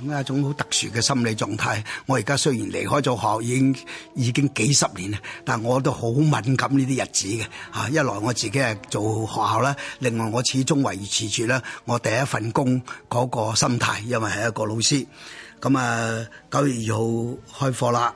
咁一種好特殊嘅心理狀態。我而家雖然離開咗學校，已經已經幾十年啦，但係我都好敏感呢啲日子嘅。啊，一來我自己係做學校啦，另外我始終維持住咧我第一份工嗰個心態，因為係一個老師。咁啊，九月二號開課啦。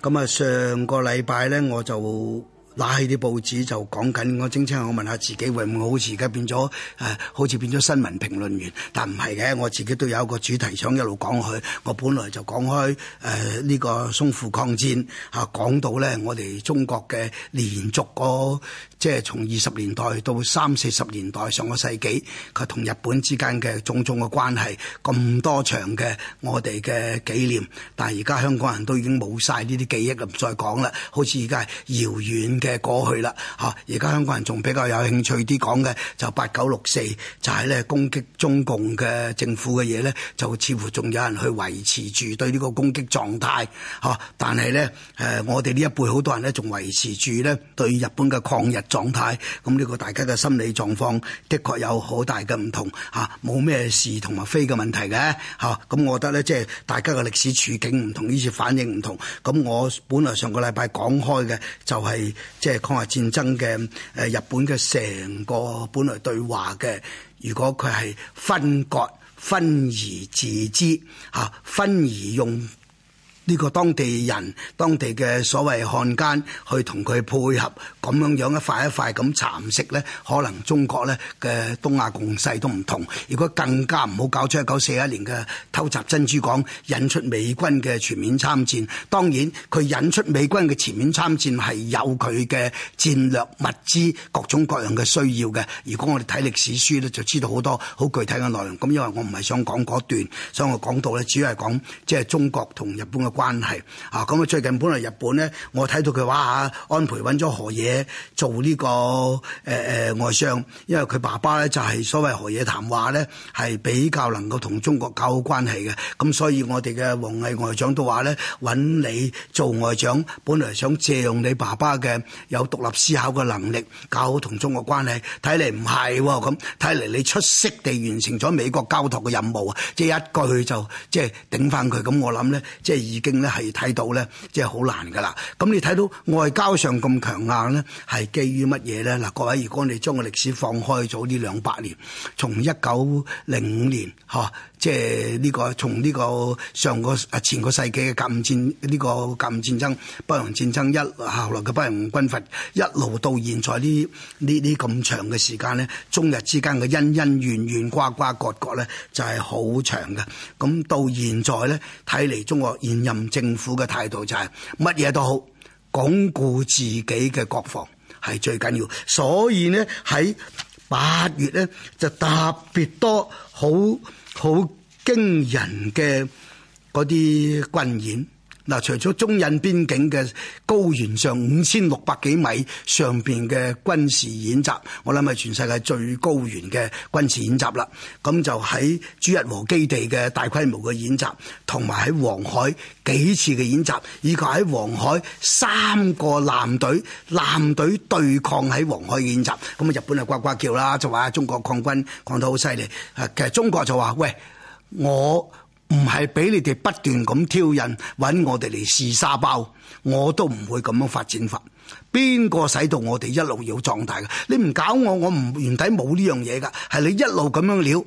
咁啊，上個禮拜咧我就。拉起啲報紙就講緊，我正聽我問下自己，會唔會好似而家變咗？誒、呃，好似變咗新聞評論員，但唔係嘅，我自己都有一個主題想一路講去。我本來就講開誒呢、呃這個淞滬抗戰，嚇、啊、講到咧，我哋中國嘅連續個。即係從二十年代到三四十年代上個世紀，佢同日本之間嘅種種嘅關係，咁多場嘅我哋嘅紀念，但係而家香港人都已經冇晒呢啲記憶，啦，唔再講啦。好似而家係遙遠嘅過去啦，吓，而家香港人仲比較有興趣啲講嘅就八九六四，就係咧攻擊中共嘅政府嘅嘢，咧，就似乎仲有人去維持住對呢個攻擊狀態吓，但係咧，誒，我哋呢一輩好多人咧，仲維持住咧對日本嘅抗日。狀態，咁呢個大家嘅心理狀況，的確有好大嘅唔同嚇，冇、啊、咩事同埋非嘅問題嘅嚇。咁、啊、我覺得咧，即、就、係、是、大家嘅歷史處境唔同，於是反應唔同。咁、啊、我本來上個禮拜講開嘅、就是，就係即係抗日戰爭嘅誒、啊、日本嘅成個本來對話嘅，如果佢係分割分而自治嚇、啊，分而用。呢個當地人、當地嘅所謂漢奸，去同佢配合咁樣樣一塊一塊咁蠶食咧，可能中國咧嘅東亞共勢都唔同。如果更加唔好搞出一九四一年嘅偷襲珍珠港，引出美軍嘅全面參戰。當然，佢引出美軍嘅全面參戰係有佢嘅戰略物資各種各樣嘅需要嘅。如果我哋睇歷史書咧，就知道好多好具體嘅內容。咁因為我唔係想講嗰段，所以我講到咧，主要係講即係中國同日本嘅關係啊，咁啊最近本來日本咧，我睇到佢話哇，安倍揾咗河野做呢、這個誒誒、呃、外相，因為佢爸爸咧就係所謂河野談話咧係比較能夠同中國搞好關係嘅，咁、啊、所以我哋嘅王毅外長都話咧，揾你做外長，本來想借用你爸爸嘅有獨立思考嘅能力搞好同中國關係，睇嚟唔係咁，睇嚟你出色地完成咗美國交託嘅任務啊！即係一句就即係頂返佢，咁我諗咧即係而。經咧係睇到咧，即係好難噶啦。咁你睇到外交上咁強硬咧，係基於乜嘢咧？嗱，各位，如果你將個歷史放開咗呢兩百年，從一九零五年嚇，即係呢個從呢個上個啊前個世紀嘅甲午戰呢個甲午戰爭、北洋戰爭一後來嘅北洋軍閥一路到現在呢呢啲咁長嘅時間咧，中日之間嘅恩恩怨怨、瓜瓜葛葛咧，就係好長嘅。咁到現在咧，睇嚟中國現任政府嘅態度就係乜嘢都好，鞏固自己嘅國防係最緊要，所以咧喺八月咧就特別多好好驚人嘅啲軍演。嗱，除咗中印邊境嘅高原上五千六百幾米上邊嘅軍事演習，我諗係全世界最高原嘅軍事演習啦。咁就喺朱日和基地嘅大規模嘅演習，同埋喺黃海幾次嘅演習，以及喺黃，黃海三個艦隊艦隊對抗喺黃海演習。咁啊，日本啊呱呱叫啦，就話中國抗軍抗得好犀利。啊，其實中國就話喂，我。唔係俾你哋不斷咁挑釁，搵我哋嚟試沙包，我都唔會咁樣發展法。邊個使到我哋一路要壯大嘅？你唔搞我，我唔原底冇呢樣嘢㗎。係你一路咁樣料，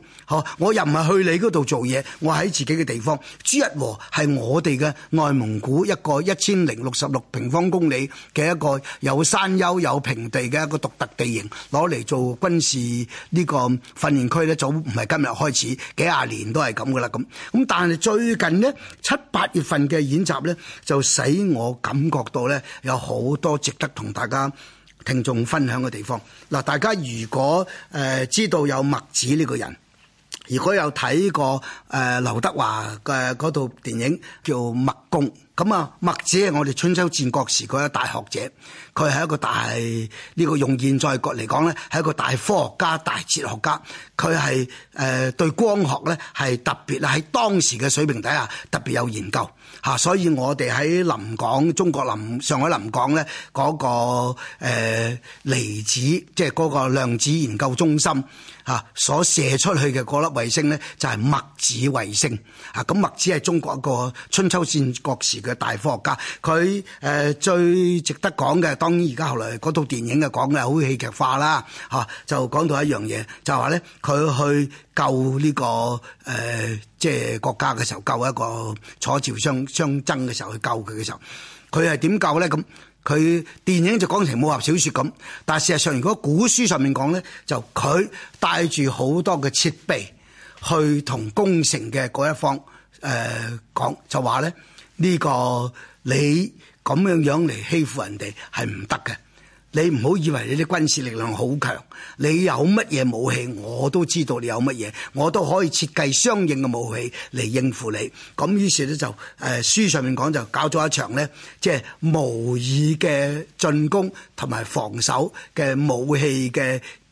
我又唔係去你嗰度做嘢，我喺自己嘅地方。朱日和係我哋嘅內蒙古一個一千零六十六平方公里嘅一個有山丘有平地嘅一個獨特地形，攞嚟做軍事呢個訓練區呢，早唔係今日開始，幾廿年都係咁㗎啦。咁咁但係最近呢，七八月份嘅演習呢，就使我感覺到呢，有好多值得同大家聽眾分享嘅地方嗱，大家如果誒、呃、知道有墨子呢個人，如果有睇過誒、呃、劉德華嘅嗰套電影叫《墨攻》，咁啊，墨子係我哋春秋戰國時嗰個大學者，佢係一個大呢個用現在國嚟講咧，係一個大科學家、大哲學家，佢係誒對光學咧係特別喺當時嘅水平底下特別有研究。嚇！所以我哋喺臨港，中國臨上海臨港咧，嗰個誒離子，即係嗰個量子研究中心嚇，所射出去嘅嗰粒衛星咧，就係墨子衛星。嚇！咁墨子係中國一個春秋戰國時嘅大科學家，佢誒最值得講嘅，當然而家後來嗰套電影嘅講嘅好戲劇化啦嚇，就講到一樣嘢，就係話咧佢去救呢個誒。即係國家嘅時候救一個楚朝相相爭嘅時候去救佢嘅時候，佢係點救咧？咁佢電影就講成武俠小說咁，但係事實上如果古書上面講咧，就佢帶住好多嘅設備去同攻城嘅嗰一方誒講、呃，就話咧呢、這個你咁樣樣嚟欺負人哋係唔得嘅。你唔好以為你啲軍事力量好強，你有乜嘢武器，我都知道你有乜嘢，我都可以設計相應嘅武器嚟應付你。咁於是咧就誒書上面講就搞咗一場呢，即係模擬嘅進攻同埋防守嘅武器嘅。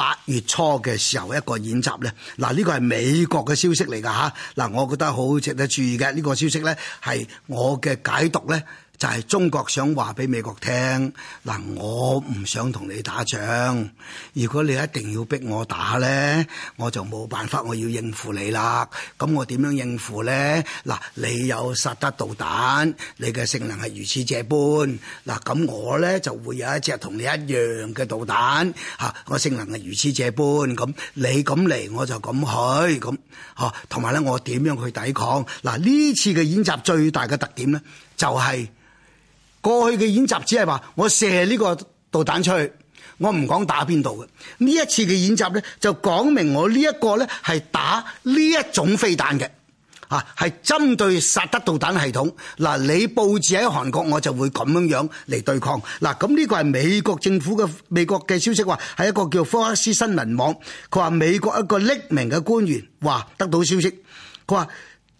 八月初嘅時候一個演習咧，嗱呢個係美國嘅消息嚟㗎嚇，嗱我覺得好值得注意嘅呢個消息咧，係我嘅解讀咧。就係中國想話俾美國聽，嗱我唔想同你打仗。如果你一定要逼我打呢，我就冇辦法，我要應付你啦。咁我點樣應付呢？嗱，你有薩德導彈，你嘅性能係如此這般。嗱，咁我呢，就會有一隻同你一樣嘅導彈，嚇，我性能係如此這般。咁你咁嚟，我就咁去，咁嚇。同埋呢，我點樣去抵抗？嗱，呢次嘅演習最大嘅特點呢，就係、是。過去嘅演習只係話我射呢個導彈出去，我唔講打邊度嘅。呢一次嘅演習呢，就講明我呢一個咧係打呢一種飛彈嘅，啊係針對薩德導彈系統。嗱，你佈置喺韓國，我就會咁樣樣嚟對抗。嗱，咁呢個係美國政府嘅美國嘅消息話係一個叫科克斯新聞網，佢話美國一個匿名嘅官員話得到消息，佢話。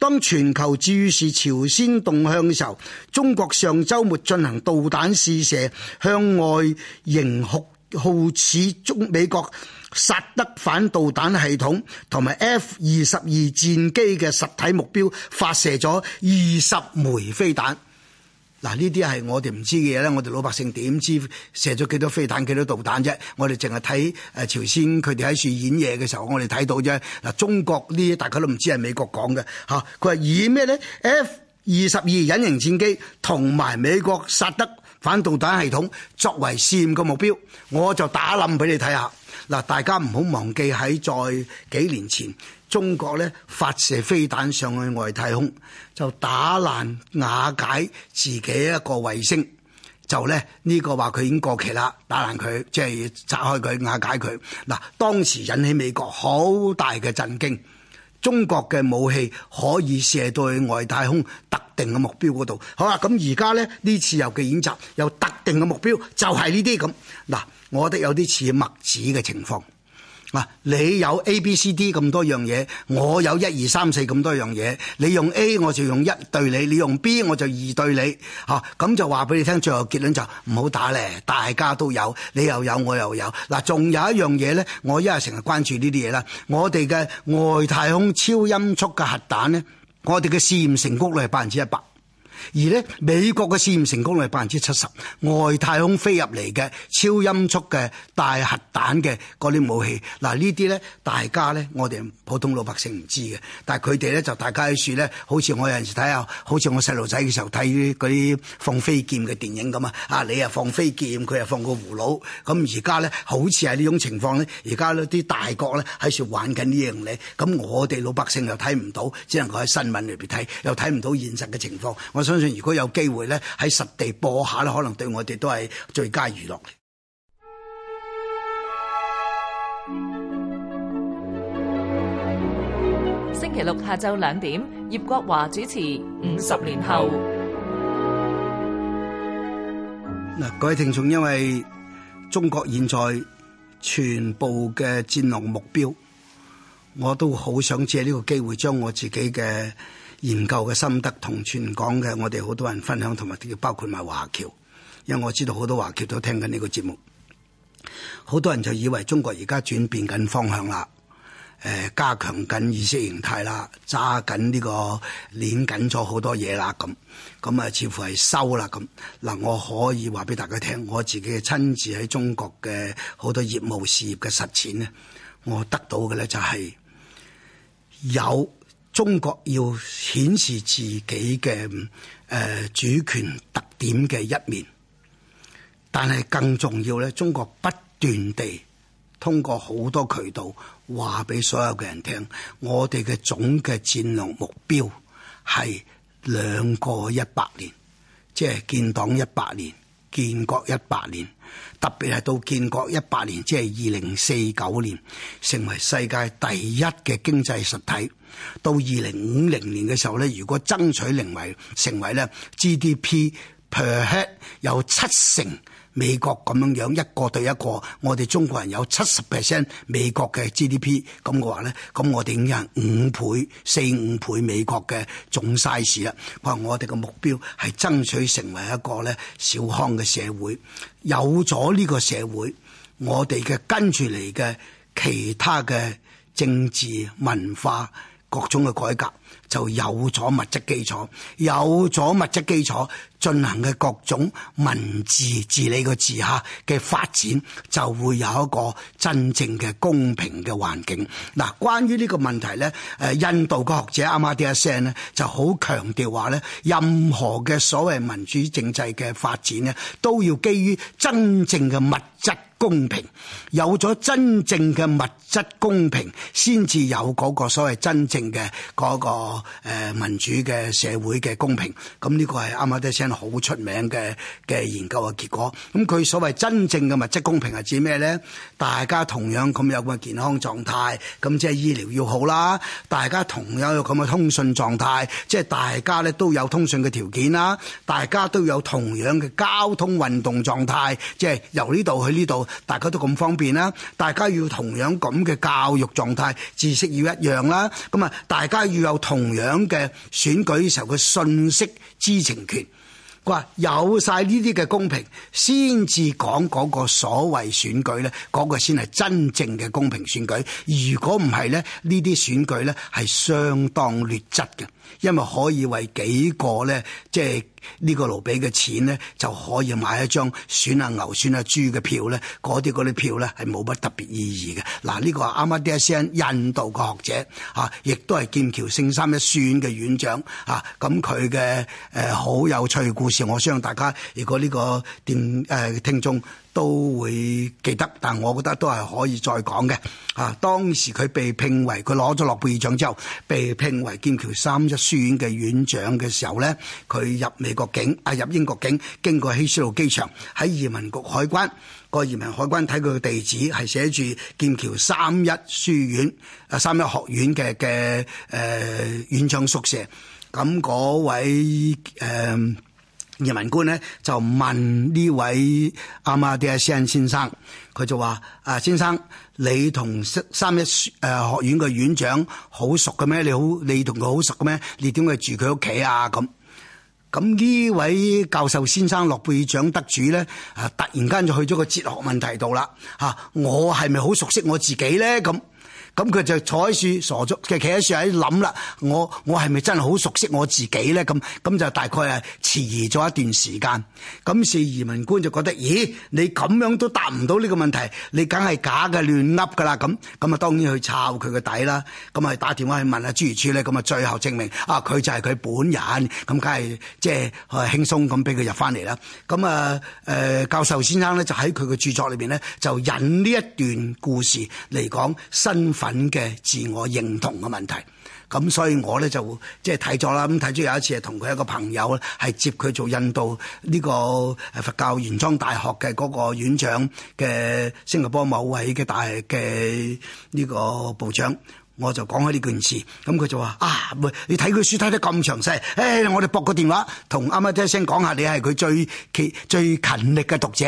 當全球注視朝鮮動向嘅時候，中國上週末進行導彈試射，向外型酷似中美國薩德反導彈系統同埋 F 二十二戰機嘅實體目標發射咗二十枚飛彈。嗱，呢啲係我哋唔知嘅嘢咧，我哋老百姓點知射咗幾多飛彈幾多導彈啫？我哋淨係睇誒朝鮮佢哋喺處演嘢嘅時候，我哋睇到啫。嗱，中國呢啲大家都唔知係美國講嘅吓，佢、啊、話以咩咧？F 二十二隱形戰機同埋美國薩德反導彈系統作為試驗嘅目標，我就打冧俾你睇下。嗱、啊，大家唔好忘記，喺在幾年前。中國咧發射飛彈上去外太空，就打爛瓦解自己一個衛星，就咧呢個話佢已經過期啦，打爛佢即係拆開佢瓦解佢。嗱，當時引起美國好大嘅震驚，中國嘅武器可以射到去外太空特定嘅目標嗰度，好啊。咁而家咧呢次有嘅演習有特定嘅目標，就係呢啲咁。嗱，我覺得有啲似墨子嘅情況。嗱，你有 A、B、C、D 咁多樣嘢，我有一二三四咁多樣嘢，你用 A 我就用一對你，你用 B 我就二對你，吓咁就話俾你聽，最後結論就唔好打咧，大家都有，你又有我又有。嗱，仲有，有一樣嘢咧，我一日成日關注呢啲嘢啦，我哋嘅外太空超音速嘅核彈咧，我哋嘅試驗成功率係百分之一百。而呢美國嘅試驗成功率係百分之七十，外太空飛入嚟嘅超音速嘅大核彈嘅嗰啲武器，嗱呢啲咧，大家咧，我哋普通老百姓唔知嘅，但係佢哋咧就大家喺處咧，好似我有陣時睇下，好似我細路仔嘅時候睇啲啲放飛劍嘅電影咁啊，啊你啊放飛劍佢啊放個葫蘆咁，而家咧好似係呢種情況咧，而家咧啲大國咧喺處玩緊呢樣嘢，咁我哋老百姓又睇唔到，只能夠喺新聞裏邊睇，又睇唔到現實嘅情況我想。如果有機會咧，喺實地播下咧，可能對我哋都係最佳娛樂。星期六下晝兩點，葉國華主持《五十年後》。嗱，各位聽眾，因為中國現在全部嘅戰略目標，我都好想借呢個機會將我自己嘅。研究嘅心得同全港嘅我哋好多人分享，同埋包括埋華僑，因為我知道好多華僑都聽緊呢個節目。好多人就以為中國而家轉變緊方向啦，誒、呃、加強緊意識形態啦，揸緊呢個捻緊咗好多嘢啦，咁，咁啊似乎係收啦咁。嗱、啊，我可以話俾大家聽，我自己嘅親自喺中國嘅好多業務事業嘅實踐咧，我得到嘅咧就係有。中國要顯示自己嘅誒、呃、主權特點嘅一面，但係更重要咧，中國不斷地通過好多渠道話俾所有嘅人聽，我哋嘅總嘅戰略目標係兩個一百年，即係建黨一百年，建國一百年，特別係到建國一百年，即係二零四九年，成為世界第一嘅經濟實體。到二零五零年嘅時候咧，如果爭取成為成為咧 GDP per head 有七成。美國咁樣樣一個對一個，我哋中國人有七十 percent 美國嘅 GDP，咁嘅話咧，咁我哋已經係五倍、四五倍美國嘅總 size 啦。佢話我哋嘅目標係爭取成為一個咧小康嘅社會，有咗呢個社會，我哋嘅跟住嚟嘅其他嘅政治、文化各種嘅改革，就有咗物質基礎，有咗物質基礎進行嘅各種文字治理嘅治下嘅發展，就會有一個真正嘅公平嘅環境。嗱，關於呢個問題咧，誒印度嘅學者阿馬蒂亞森咧就好強調話咧，任何嘅所謂民主政制嘅發展咧，都要基於真正嘅物質。公平，有咗真正嘅物質公平，先至有嗰個所謂真正嘅嗰個誒民主嘅社會嘅公平。咁呢個係啱啱先好出名嘅嘅研究嘅結果。咁佢所謂真正嘅物質公平係指咩咧？大家同樣咁有個健康狀態，咁即係醫療要好啦。大家同樣有咁嘅通訊狀態，即係大家咧都有通訊嘅條件啦。大家都有同樣嘅交通運動狀態，即係由呢度去呢度。大家都咁方便啦，大家要同樣咁嘅教育狀態，知識要一樣啦，咁啊，大家要有同樣嘅選舉時候嘅信息知情權。佢話有晒呢啲嘅公平，先至講嗰個所謂選舉呢，嗰個先係真正嘅公平選舉。如果唔係呢，呢啲選舉呢係相當劣質嘅。因為可以為幾個咧，即係呢個盧比嘅錢咧，就可以買一張選啊牛、選啊豬嘅票咧，嗰啲嗰啲票咧係冇乜特別意義嘅。嗱，呢、這個啱啱啲 s i 印度個學者嚇，亦都係劍橋聖三一學院嘅院長嚇，咁佢嘅誒好有趣嘅故事，我相信大家如果呢個電誒、呃、聽眾。都會記得，但我覺得都係可以再講嘅。啊，當時佢被聘為佢攞咗諾貝爾獎之後，被聘為劍橋三一書院嘅院長嘅時候呢，佢入美國境啊，入英國境，經過希斯路機場，喺移民局海關、個移民海關睇佢嘅地址係寫住劍橋三一書院啊，三一學院嘅嘅誒院長宿舍。咁嗰位誒。呃移民官咧就問呢位阿馬蒂亞森先生，佢就話：啊，先生，你同三一誒學院嘅院長好熟嘅咩？你好，你同佢好熟嘅咩？你點解住佢屋企啊？咁咁呢位教授先生，諾貝爾獎得主咧，啊，突然間就去咗個哲學問題度啦嚇！我係咪好熟悉我自己咧？咁？咁佢就坐喺樹傻咗，佢企喺樹喺諗啦。我我係咪真係好熟悉我自己咧？咁咁就大概係遲疑咗一段時間，咁是移民官就覺得，咦？你咁樣都答唔到呢個問題，你梗係假嘅、亂噏嘅啦。咁咁啊，當然去抄佢個底啦。咁啊，打電話去問阿朱如柱咧。咁啊，最後證明啊，佢就係佢本人。咁梗係即係係輕鬆咁俾佢入翻嚟啦。咁啊誒教授先生咧，就喺佢嘅著作裏邊咧，就引呢一段故事嚟講身份嘅自我認同嘅問題，咁所以我咧就即係睇咗啦，咁睇咗有一次，係同佢一個朋友係接佢做印度呢個佛教原裝大學嘅嗰個院長嘅新加坡某位嘅大嘅呢個部長，我就講起呢件事，咁、嗯、佢就話：啊，你睇佢書睇得咁詳細，誒、哎，我哋駁個電話，同啱啱聽聲講下，你係佢最企最勤力嘅讀者，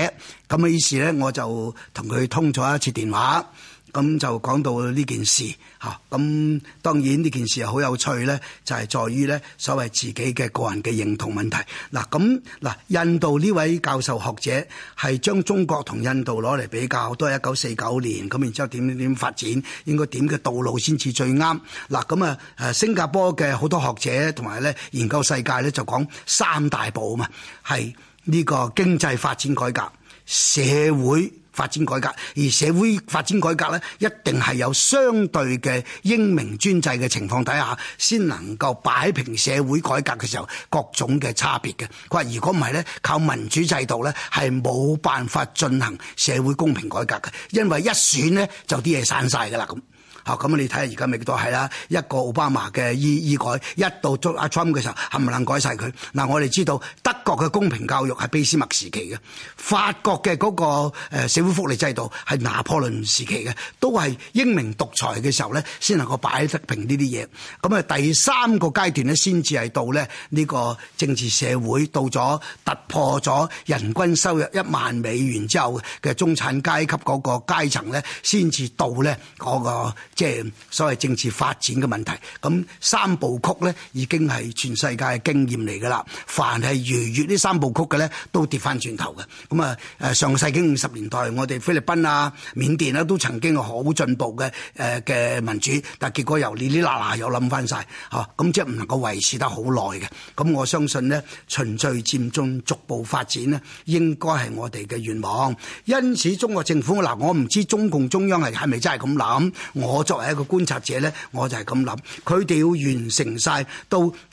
咁於是咧，我就同佢通咗一次電話。咁就講到呢件事嚇，咁當然呢件事好有趣呢，就係在於咧所謂自己嘅個人嘅認同問題。嗱，咁嗱，印度呢位教授學者係將中國同印度攞嚟比較，都係一九四九年，咁然之後點點點發展，應該點嘅道路先至最啱。嗱，咁啊，誒，新加坡嘅好多學者同埋咧研究世界咧，就講三大步啊嘛，係呢個經濟發展改革社會。發展改革，而社會發展改革咧，一定係有相對嘅英明專制嘅情況底下，先能夠擺平社會改革嘅時候各種嘅差別嘅。佢話：如果唔係咧，靠民主制度咧，係冇辦法進行社會公平改革嘅，因為一選咧就啲嘢散晒㗎啦咁。嚇，咁你睇下而家咪都係啦，一個奧巴馬嘅醫醫改，一到咗阿 Trump 嘅時候，冚唪唥改晒佢。嗱，我哋知道德國嘅公平教育係俾斯麥時期嘅，法國嘅嗰個社會福利制度係拿破崙時期嘅，都係英明獨裁嘅時候咧，先能夠擺得平呢啲嘢。咁啊，第三個階段咧，先至係到咧呢個政治社會到咗突破咗人均收入一萬美元之後嘅中產階級嗰個階層咧，先至到咧嗰個。即係所謂政治發展嘅問題，咁三部曲咧已經係全世界嘅經驗嚟㗎啦。凡係逾越呢三部曲嘅咧，都跌翻轉頭嘅。咁啊，誒上世紀五十年代，我哋菲律賓啊、緬甸啦、啊，都曾經係好進步嘅誒嘅民主，但結果又呢呢啦嗱又諗翻晒吓咁即係唔能夠維持得好耐嘅。咁我相信咧，循序漸進逐步發展咧，應該係我哋嘅願望。因此，中國政府嗱，我唔知中共中央係係咪真係咁諗。我。我作為一個觀察者咧，我就係咁諗，佢哋要完成曬到二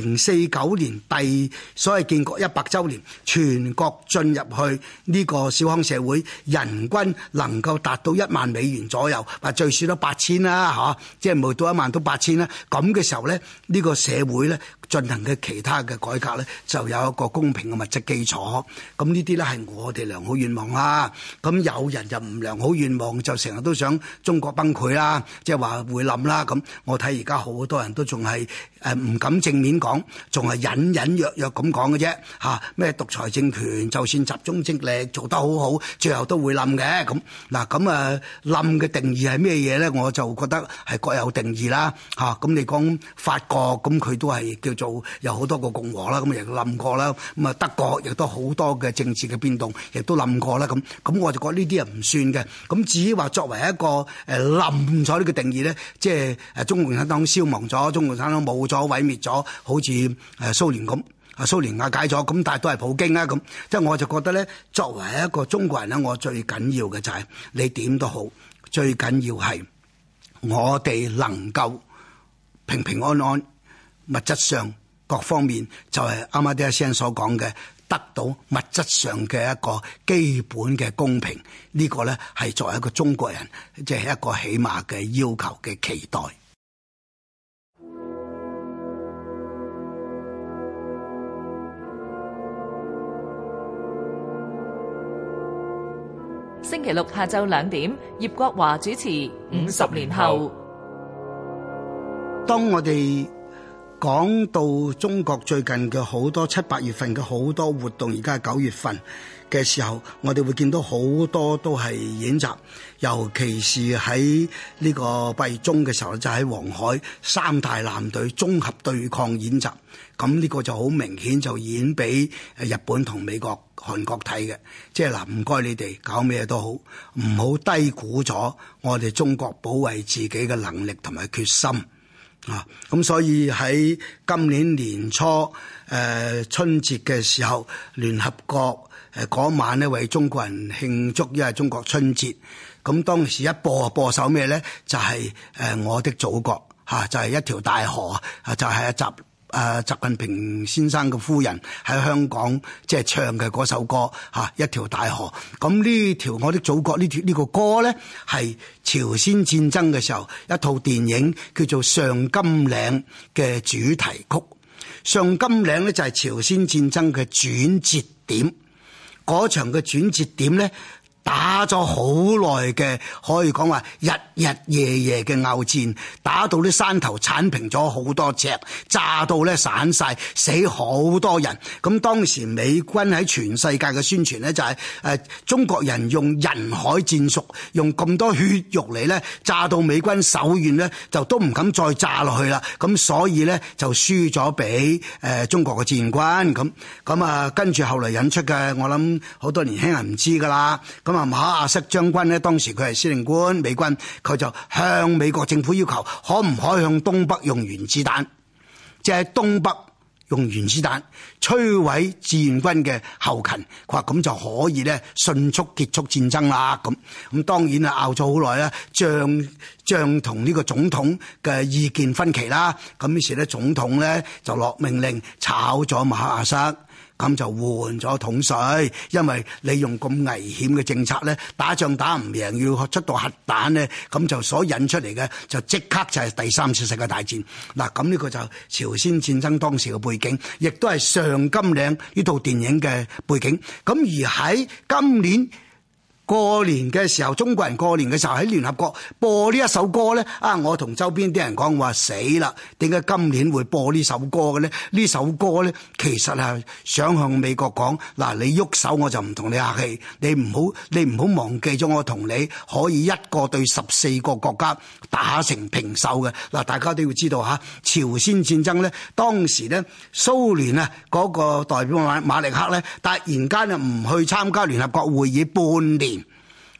零四九年第所謂建國一百週年，全國進入去呢個小康社會，人均能夠達到一萬美元左右，或最少都八千啦，嚇，即係冇到一萬都八千啦。咁嘅時候咧，呢個社會咧，進行嘅其他嘅改革咧，就有一個公平嘅物質基礎。咁呢啲咧係我哋良好願望啦。咁有人就唔良好願望，就成日都想中國崩潰啦，即係話會冧啦。咁我睇而家好多人都仲係誒唔敢正面講，仲係隱隱約約咁講嘅啫。嚇，咩獨裁政權，就算集中精力做得好好，最後都會冧嘅。咁嗱咁啊冧嘅定義係咩嘢咧？我就覺得係各有定義啦。嚇咁你講法國，咁佢都係叫，做有好多個共和啦，咁亦都冧過啦，咁啊德國亦都好多嘅政治嘅變動，亦都冧過啦，咁咁我就覺得呢啲係唔算嘅。咁至於話作為一個誒冧咗呢個定義咧，即係中共產黨消亡咗，中共產黨冇咗，毀滅咗，好似誒蘇聯咁，啊蘇聯瓦解咗，咁但係都係普京啦，咁即係我就覺得咧，作為一個中國人咧，我最緊要嘅就係你點都好，最緊要係我哋能夠平平安安。物質上各方面就係啱啱啲阿 Sir 所講嘅，得到物質上嘅一個基本嘅公平，這個、呢個咧係作為一個中國人，即係一個起碼嘅要求嘅期待。星期六下晝兩點，葉國華主持《五十年後》後。當我哋。講到中國最近嘅好多七八月份嘅好多活動，而家係九月份嘅時候，我哋會見到好多都係演習，尤其是喺呢個八月中嘅時候，就喺、是、黃海三大艦隊綜合對抗演習。咁呢個就好明顯就演俾日本同美國、韓國睇嘅。即係嗱，唔該你哋搞咩都好，唔好低估咗我哋中國保衞自己嘅能力同埋決心。咁、嗯、所以喺今年年初誒、呃、春節嘅時候，聯合國誒嗰、呃、晚呢為中國人慶祝，因為中國春節。咁、嗯、當時一播播首咩呢？就係、是、誒我的祖國嚇、啊，就係、是、一條大河，啊、就係、是、一集。誒、呃、習近平先生嘅夫人喺香港即係唱嘅嗰首歌嚇、啊、一條大河，咁呢條我的祖國呢條呢個歌呢，係朝鮮戰爭嘅時候一套電影叫做上甘嶺嘅主題曲，上甘嶺呢，就係朝鮮戰爭嘅轉折點，嗰場嘅轉折點呢。打咗好耐嘅，可以講話日日夜夜嘅鏖戰，打到啲山頭鏟平咗好多尺，炸到咧散晒，死好多人。咁當時美軍喺全世界嘅宣傳咧、就是，就係誒中國人用人海戰術，用咁多血肉嚟咧炸到美軍手軟咧，就都唔敢再炸落去啦。咁所以咧就輸咗俾誒中國嘅志願軍。咁咁啊，跟住後來引出嘅，我諗好多年輕人唔知噶啦。咁馬阿瑟將軍咧，當時佢係司令官，美軍，佢就向美國政府要求，可唔可以向東北用原子彈，即係東北用原子彈摧毀志願軍嘅後勤，佢話咁就可以咧迅速結束戰爭啦。咁咁當然啊，拗咗好耐啦，將將同呢個總統嘅意見分歧啦。咁於是咧，總統咧就落命令炒咗馬阿瑟。咁就換咗統帥，因為你用咁危險嘅政策咧，打仗打唔贏，要出到核彈咧，咁就所引出嚟嘅就即刻就係第三次世界大戰。嗱，咁呢個就朝鮮戰爭當時嘅背景，亦都係上甘嶺呢套電影嘅背景。咁而喺今年，過年嘅時候，中國人過年嘅時候喺聯合國播呢一首歌咧，啊！我同周邊啲人講話死啦，點解今年會播呢首歌嘅咧？呢首歌咧，其實係想向美國講嗱，你喐手我就唔同你客氣，你唔好你唔好忘記咗我同你可以一個對十四個國家打成平手嘅嗱，大家都要知道嚇，朝鮮戰爭咧，當時咧蘇聯啊嗰個代表馬馬利克咧，突然間啊唔去參加聯合國會議半年。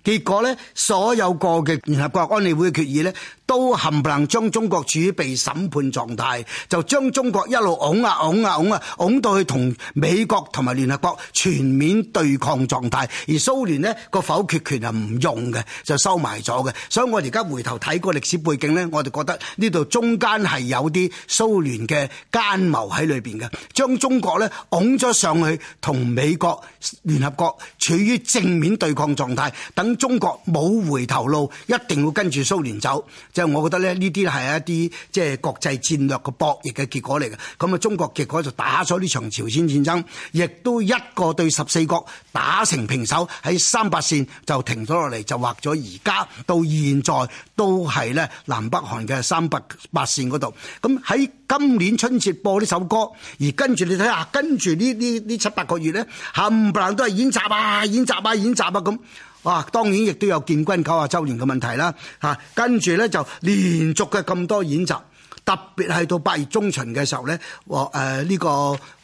結果咧，所有過嘅聯合國安理會嘅決議咧，都冚唪能將中國處於被審判狀態，就將中國一路拱啊拱啊拱啊拱到去同美國同埋聯合國全面對抗狀態。而蘇聯咧個否決權係唔用嘅，就收埋咗嘅。所以我而家回頭睇個歷史背景咧，我就覺得呢度中間係有啲蘇聯嘅奸謀喺裏邊嘅，將中國咧拱咗上去同美國、聯合國處於正面對抗狀態，等。中國冇回頭路，一定要跟住蘇聯走。即係我覺得咧，呢啲係一啲即係國際戰略嘅博弈嘅結果嚟嘅。咁啊，中國結果就打咗呢場朝鮮戰爭，亦都一個對十四國打成平手，喺三八線就停咗落嚟，就畫咗而家到現在都係咧南北韓嘅三八線嗰度。咁喺今年春節播呢首歌，而跟住你睇下，跟住呢呢呢七八個月咧，冚唪唥都係演習啊，演習啊，演習啊咁。啊，當然亦都有建軍九十周年嘅問題啦，吓跟住咧就連續嘅咁多演習。特別係到八月中旬嘅時候咧，黃、哦、呢、呃、這個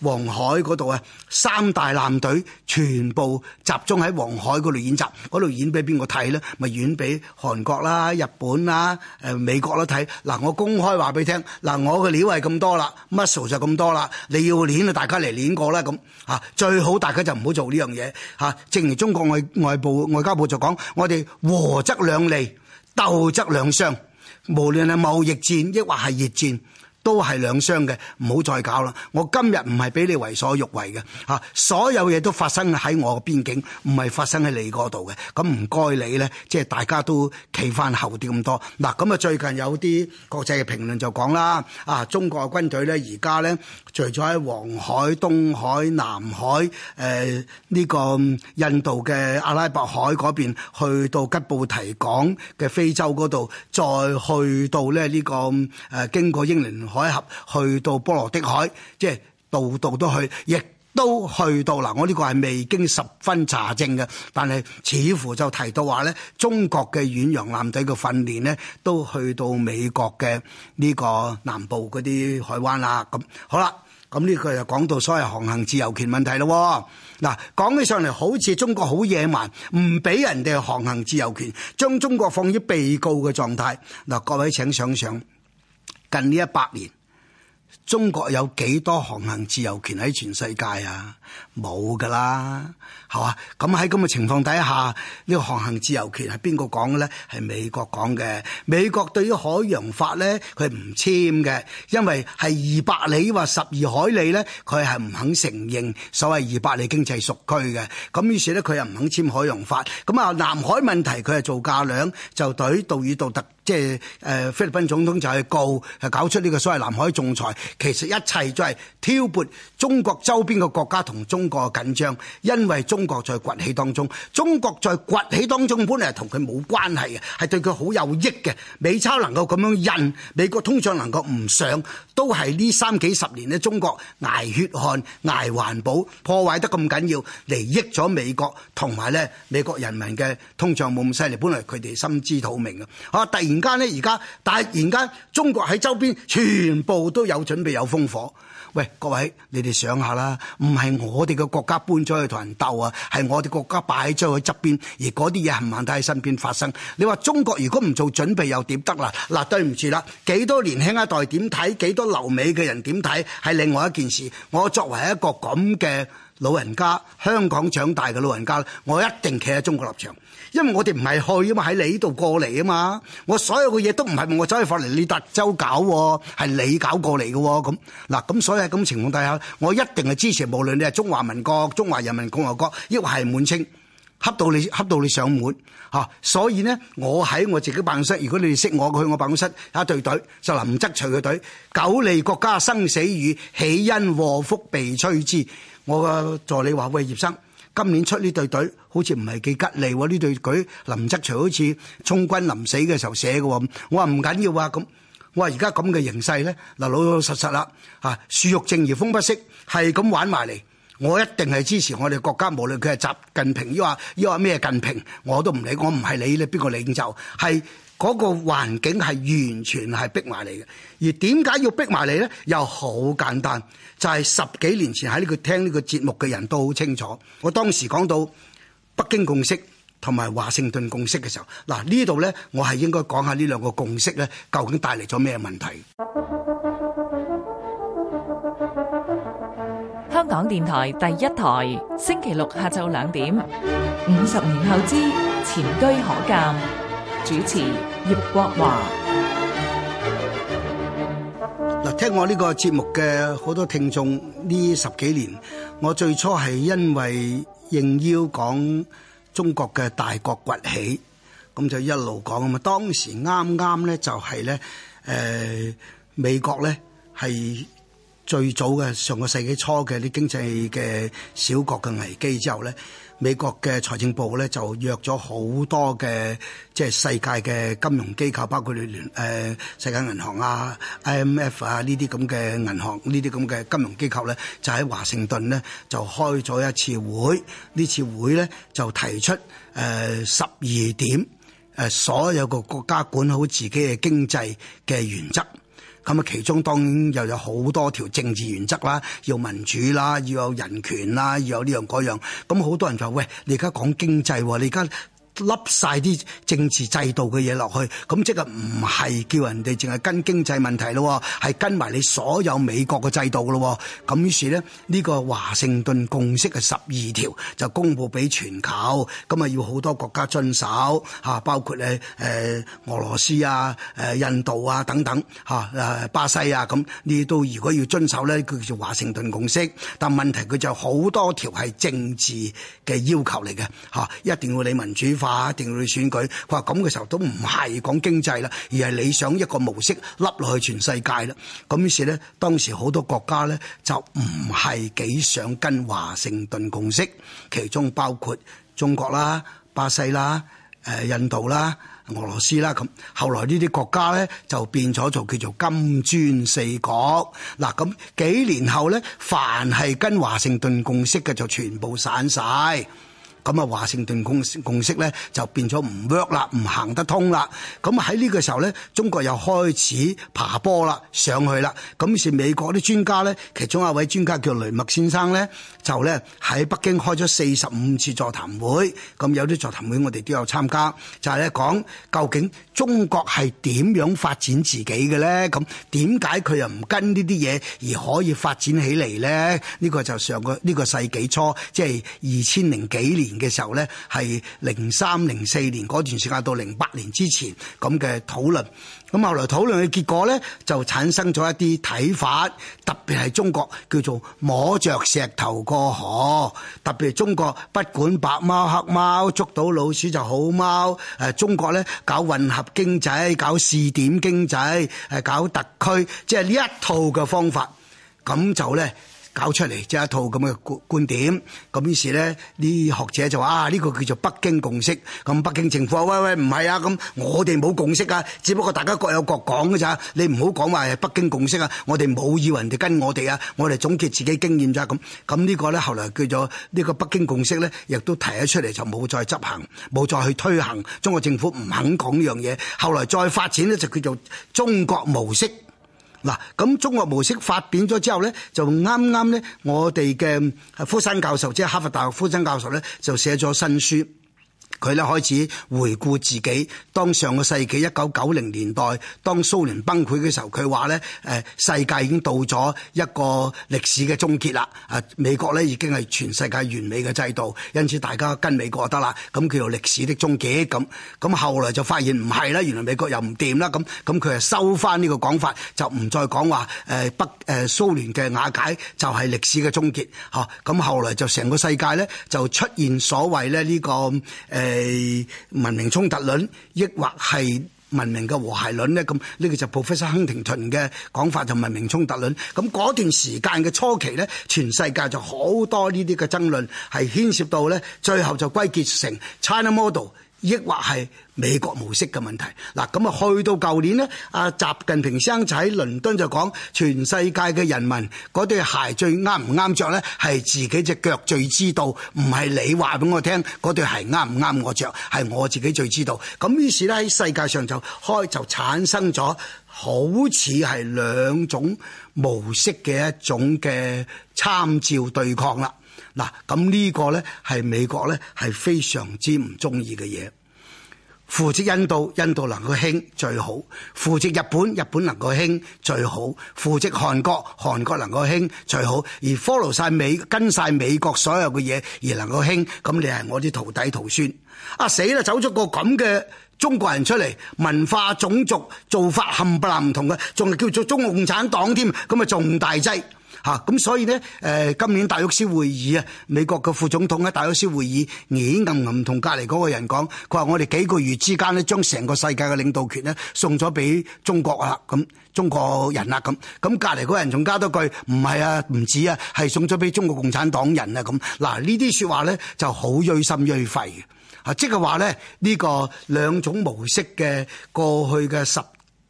黃海嗰度啊，三大艦隊全部集中喺黃海嗰度演習，嗰度演俾邊個睇咧？咪演俾韓國啦、日本啦、誒、呃、美國啦睇。嗱，我公開話俾你聽，嗱，我嘅料係咁多啦，muscle 就咁多啦，你要練啊，大家嚟練過啦咁嚇，最好大家就唔好做呢樣嘢嚇。正如中國外外部外交部就講，我哋和則兩利，鬥則兩傷。無論係貿易戰亦或係熱戰。都係兩雙嘅，唔好再搞啦！我今日唔係俾你為所欲為嘅，嚇，所有嘢都發生喺我嘅邊境，唔係發生喺你嗰度嘅。咁唔該你咧，即係大家都企翻後啲咁多。嗱，咁啊最近有啲國際嘅評論就講啦，啊，中國嘅軍隊咧而家咧，除咗喺黃海、東海、南海，誒呢個印度嘅阿拉伯海嗰邊，去到吉布提港嘅非洲嗰度，再去到咧呢個誒經過英倫。海峽去到波羅的海，即係度度都去，亦都去到嗱。我呢個係未經十分查證嘅，但係似乎就提到話咧，中國嘅遠洋艦隊嘅訓練呢，都去到美國嘅呢個南部嗰啲海灣啦。咁好啦，咁呢個就講到所謂航行自由權問題咯。嗱，講起上嚟好似中國好野蠻，唔俾人哋航行自由權，將中國放於被告嘅狀態。嗱，各位請想想。近呢一百年，中國有幾多航行自由權喺全世界啊？冇噶啦，吓，咁喺咁嘅情況底下，呢、這個航行自由權係邊個講嘅呢？係美國講嘅。美國對於海洋法呢，佢唔簽嘅，因為係二百里或十二海里呢，佢係唔肯承認所謂二百里經濟屬區嘅。咁於是呢，佢又唔肯簽海洋法。咁啊，南海問題佢係做價量，就對杜爾杜與特即係誒、呃、菲律賓總統就去告，搞出呢個所謂南海仲裁。其實一切都係挑撥中國周邊嘅國家同。同中國緊張，因為中國在崛起當中，中國在崛起當中，本嚟同佢冇關係嘅，係對佢好有益嘅。美鈔能夠咁樣印，美國通脹能夠唔上，都係呢三幾十年咧，中國捱血汗、捱環保破壞得咁緊要，嚟益咗美國同埋咧，美國人民嘅通脹冇咁犀利，本嚟佢哋心知肚明嘅。啊，突然間咧，而家突然間中國喺周邊全部都有準備有烽火。喂，各位，你哋想，想下啦，唔係我哋嘅國家搬咗去同人鬥啊，係我哋國家擺咗去側邊，而嗰啲嘢冚唪唥都喺身邊發生。你話中國如果唔做準備又點得啦？嗱、啊，對唔住啦，幾多年輕一代點睇，幾多留美嘅人點睇，係另外一件事。我作為一個咁嘅老人家，香港長大嘅老人家，我一定企喺中國立場。因為我哋唔係去啊嘛，喺你呢度過嚟啊嘛，我所有嘅嘢都唔係我走去翻嚟你達州搞，係你搞過嚟嘅咁。嗱，咁所以喺咁情況底下，我一定係支持，無論你係中華民國、中華人民共和國，抑或係滿清，恰到你恰到你，上門嚇。所以呢，我喺我自己辦公室，如果你哋識我，去我辦公室睇隊隊就林則徐嘅隊。苟利國家生死以，豈因禍福避趨之。我嘅助理話，喂，葉生，今年出呢隊隊。好似唔係幾吉利喎？呢對舉林則徐好似充軍臨死嘅時候寫嘅，我話唔緊要啊！咁我話而家咁嘅形勢咧，嗱老老實實啦，嚇樹欲靜而風不息，係咁玩埋嚟，我一定係支持我哋國家，無論佢係習近平，要話要話咩近平，我都唔理，我唔係理你邊個領袖，係嗰個環境係完全係逼埋你嘅。而點解要逼埋你咧？又好簡單，就係十幾年前喺呢個聽呢個節目嘅人都好清楚，我當時講到。北京共識同埋華盛頓共識嘅時候，嗱呢度咧，我係應該講下呢兩個共識咧，究竟帶嚟咗咩問題？香港電台第一台，星期六下晝兩點，五十年後之前車可鑑，主持葉國華。嗱，聽我呢個節目嘅好多聽眾，呢十幾年，我最初係因為，應邀講中國嘅大國崛起，咁就一路講啊嘛。當時啱啱咧就係、是、咧，誒、呃、美國咧係最早嘅上個世紀初嘅啲經濟嘅小國嘅危機之後咧。美國嘅財政部咧就約咗好多嘅即係世界嘅金融機構，包括聯誒、呃、世界銀行啊、IMF 啊呢啲咁嘅銀行、呢啲咁嘅金融機構咧，就喺華盛頓咧就開咗一次會，呢次會咧就提出誒十二點誒、呃、所有個國家管好自己嘅經濟嘅原則。咁啊，其中當然又有好多條政治原則啦，要民主啦，要有人權啦，要有呢樣嗰樣。咁好多人就話：「喂，你而家講經濟喎，你而家笠晒啲政治制度嘅嘢落去，咁即係唔係叫人哋淨係跟經濟問題咯？係跟埋你所有美國嘅制度咯。咁於是咧，呢個華盛頓共識嘅十二條就公布俾全球，咁啊要好多國家遵守嚇，包括咧誒俄羅斯啊、誒印度啊等等吓誒巴西啊，咁你都如果要遵守咧，佢叫做華盛頓共識，但問題佢就好多條係政治嘅要求嚟嘅吓，一定要你民主。話定佢選舉，佢話咁嘅時候都唔係講經濟啦，而係你想一個模式笠落去全世界啦。咁於是咧，當時好多國家咧就唔係幾想跟華盛頓共識，其中包括中國啦、巴西啦、誒印度啦、俄羅斯啦。咁後來呢啲國家咧就變咗做叫做金磚四國。嗱，咁幾年後咧，凡係跟華盛頓共識嘅就全部散晒。咁啊，華盛頓共共識咧就變咗唔 work 啦，唔行得通啦。咁喺呢個時候咧，中國又開始爬坡啦，上去啦。咁於是美國啲專家咧，其中一位專家叫雷默先生咧，就咧喺北京開咗四十五次座談會，咁有啲座談會我哋都有參加，就係咧講究竟中國係點樣發展自己嘅咧？咁點解佢又唔跟呢啲嘢，而可以發展起嚟咧？呢個就上個呢個世紀初，即係二千零幾年嘅時候呢，係零三、零四年嗰段時間到零八年之前咁嘅討論。咁後來討論嘅結果呢，就產生咗一啲睇法，特別係中國叫做摸著石頭過河。特別係中國不管白貓黑貓，捉到老鼠就好貓。誒，中國呢搞混合經濟，搞試點經濟，誒搞特區，即係呢一套嘅方法，咁就呢。搞出嚟即係一套咁嘅觀點，咁於是咧啲學者就話啊，呢個叫做北京共識，咁北京政府喂喂，唔係啊，咁我哋冇共識啊，只不過大家各有各講㗎咋，你唔好講話係北京共識啊，我哋冇以為人哋跟我哋啊，我哋總結自己經驗咋咁，咁呢個咧後來叫做呢個北京共識咧，亦都提咗出嚟就冇再執行，冇再去推行，中國政府唔肯講呢樣嘢，後來再發展咧就叫做中國模式。嗱，咁中國模式發表咗之後咧，就啱啱咧，我哋嘅誒福山教授，即係哈佛大學福山教授咧，就寫咗新書。佢咧開始回顧自己，當上個世紀一九九零年代，當蘇聯崩潰嘅時候，佢話呢：「誒世界已經到咗一個歷史嘅終結啦。啊，美國呢已經係全世界完美嘅制度，因此大家跟美國就得啦。咁叫做歷史的終結。咁咁後來就發現唔係啦，原來美國又唔掂啦。咁咁佢就收返呢個講法，就唔再講話誒北誒蘇聯嘅瓦解就係歷史嘅終結。嚇咁後來就成個世界呢，就出現所謂咧、呢、呢個誒。欸係文明衝突論，抑或係文明嘅和諧論咧？咁呢個就 Professor 亨廷頓嘅講法，就文明衝突論。咁嗰段時間嘅初期咧，全世界就好多呢啲嘅爭論，係牽涉到咧，最後就歸結成 China model。抑或係美國模式嘅問題嗱，咁啊去到舊年咧，阿習近平生就喺倫敦就講：全世界嘅人民嗰對鞋最啱唔啱着咧，係自己隻腳最知道，唔係你話俾我聽嗰對鞋啱唔啱我着，係我自己最知道。咁於是咧，喺世界上就開就產生咗好似係兩種模式嘅一種嘅參照對抗啦。嗱，咁呢個呢，係美國呢，係非常之唔中意嘅嘢。扶植印度，印度能夠興最好；扶植日本，日本能夠興最好；扶植韓國，韓國能夠興最好。而 follow 曬美，跟晒美國所有嘅嘢而能夠興，咁你係我啲徒弟徒孫。啊死啦！走咗個咁嘅中國人出嚟，文化種族做法冚唪唥唔同嘅，仲係叫做中國共產黨添，咁咪仲大劑。嚇！咁、啊、所以呢，誒、呃、今年達沃斯會議啊，美國嘅副總統喺達沃斯會議已經暗暗同隔離嗰個人講，佢話我哋幾個月之間咧，將成個世界嘅領導權呢送咗俾中國啊，咁中國人啊，咁咁隔離嗰人仲加多句，唔係啊，唔止啊，係送咗俾中國共產黨人啊，咁嗱呢啲説話呢就好鋭心鋭肺嘅，啊即係話呢，虐虐啊就是、呢、呢個兩種模式嘅過去嘅十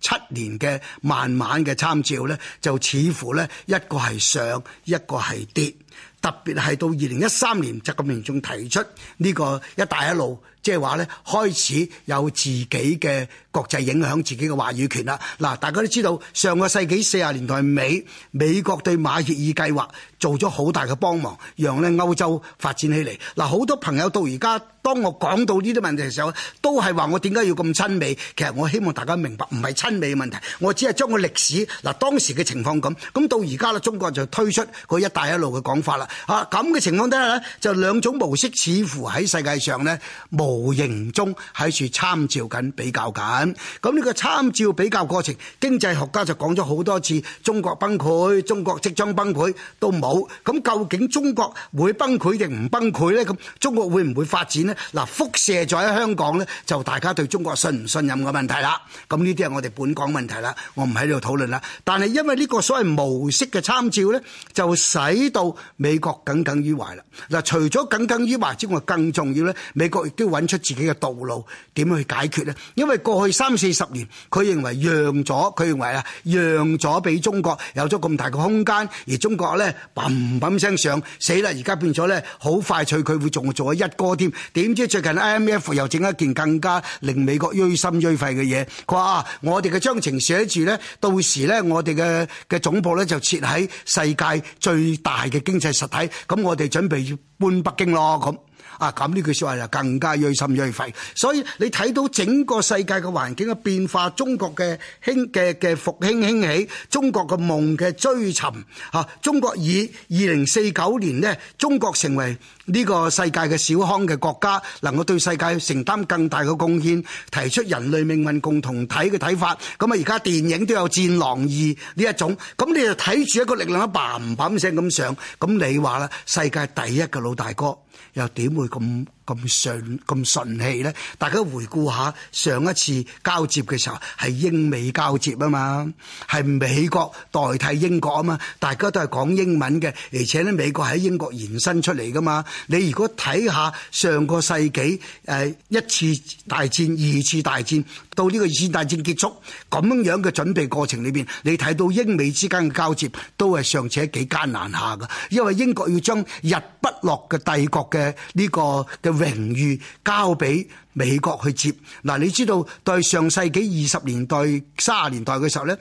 七年嘅慢慢嘅參照呢，就似乎呢一個係上，一個係跌，特別係到二零一三年，習近平仲提出呢個一帶一路。即係話咧，開始有自己嘅國際影響，自己嘅話語權啦。嗱，大家都知道上個世紀四十年代，美美國對馬歇爾計劃做咗好大嘅幫忙，讓咧歐洲發展起嚟。嗱，好多朋友到而家，當我講到呢啲問題嘅時候，都係話我點解要咁親美？其實我希望大家明白，唔係親美嘅問題，我只係將個歷史嗱當時嘅情況咁。咁到而家啦，中國就推出個一帶一路嘅講法啦。嚇咁嘅情況底下咧，就兩種模式，似乎喺世界上咧冇。無形中喺處參照緊、比較緊，咁呢個參照比較過程，經濟學家就講咗好多次，中國崩潰、中國即將崩潰都冇，咁究竟中國會崩潰定唔崩潰咧？咁中國會唔會發展咧？嗱，輻射咗喺香港咧，就大家對中國信唔信任嘅問題啦。咁呢啲係我哋本港問題啦，我唔喺度討論啦。但係因為呢個所謂模式嘅參照咧，就使到美國耿耿於懷啦。嗱，除咗耿耿於懷之外，更重要咧，美國亦都搵。出自己嘅道路，點樣去解決咧？因為過去三四十年，佢認為讓咗，佢認為啊，讓咗俾中國有咗咁大嘅空間，而中國咧砰砰聲上死啦！而家變咗咧，好快脆，佢會仲做咗一哥添。點知最近 IMF 又整一件更加令美國揪心揪肺嘅嘢，佢話啊，我哋嘅章程寫住咧，到時咧我哋嘅嘅總部咧就設喺世界最大嘅經濟實體，咁我哋準備要搬北京咯，咁。啊！咁呢句說話就更加鋭心鋭肺，所以你睇到整個世界嘅環境嘅變化，中國嘅興嘅嘅復興興起，中國嘅夢嘅追尋，嚇！中國以二零四九年呢，中國成為。呢個世界嘅小康嘅國家，能夠對世界承擔更大嘅貢獻，提出人類命運共同體嘅睇法。咁啊，而家電影都有《戰狼二》呢一種，咁你就睇住一個力量一棒棒聲咁上，咁你話啦，世界第一嘅老大哥又點會咁？咁順咁順氣咧？大家回顧下上一次交接嘅時候，係英美交接啊嘛，係美國代替英國啊嘛，大家都係講英文嘅，而且咧美國喺英國延伸出嚟噶嘛。你如果睇下上個世紀誒，一次大戰、二次大戰到呢個二次大戰結束咁樣嘅準備過程裏邊，你睇到英美之間嘅交接都係尚且幾艱難下噶，因為英國要將日不落嘅帝國嘅呢個嘅。榮譽交俾美國去接嗱，你知道對上世紀二十年代、三十年代嘅時候咧，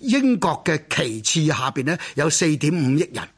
英國嘅旗幟下便咧有四點五億人。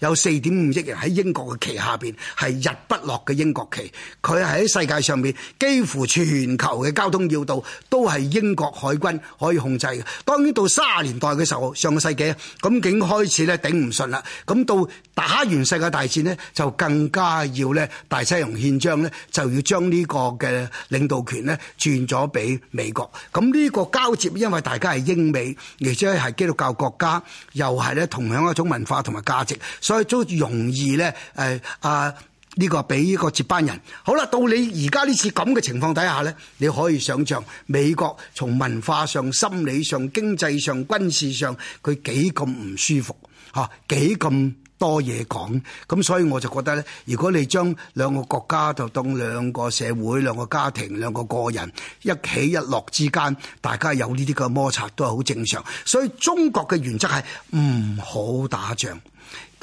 有四點五億人喺英國嘅旗下邊，係日不落嘅英國旗。佢係喺世界上面幾乎全球嘅交通要道都係英國海軍可以控制嘅。當呢到卅年代嘅時候，上個世紀，咁竟開始咧頂唔順啦。咁到打完世界大戰咧，就更加要咧《大西洋憲章》咧，就要將呢個嘅領導權咧轉咗俾美國。咁呢個交接，因為大家係英美，而且係基督教國家，又係咧同樣一種文化同埋價值。都容易呢。誒啊呢個俾呢個接班人。好啦，到你而家呢次咁嘅情況底下呢，你可以想象美國從文化上、心理上、經濟上、軍事上，佢幾咁唔舒服。吓，幾咁多嘢講。咁所以我就覺得呢，如果你將兩個國家就當兩個社會、兩個家庭、兩個個人一起一落之間，大家有呢啲嘅摩擦都係好正常。所以中國嘅原則係唔好打仗。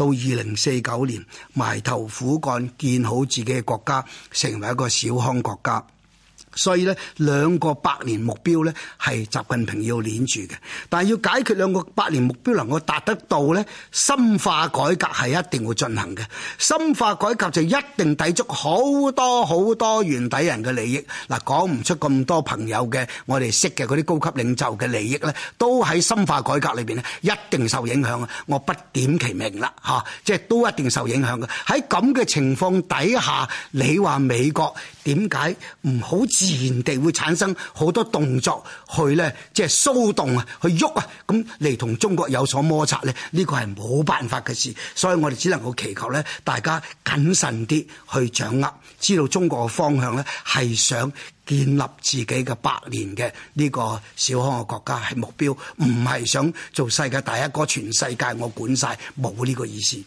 到二零四九年埋頭苦幹，建好自己嘅國家，成為一個小康國家。所以咧，兩個百年目標咧係習近平要攣住嘅，但係要解決兩個百年目標能夠達得到咧，深化改革係一定會進行嘅。深化改革就一定抵觸好多好多原底人嘅利益。嗱，講唔出咁多朋友嘅，我哋識嘅嗰啲高級領袖嘅利益咧，都喺深化改革裏邊咧，一定受影響。我不點其名啦，嚇，即係都一定受影響嘅。喺咁嘅情況底下，你話美國？點解唔好自然地會產生好多動作去咧，即係騷動啊，去喐啊，咁嚟同中國有所摩擦咧？呢個係冇辦法嘅事，所以我哋只能夠祈求咧，大家謹慎啲去掌握，知道中國嘅方向咧係想建立自己嘅百年嘅呢個小康嘅國家係目標，唔係想做世界第一個，全世界我管晒冇呢個意思。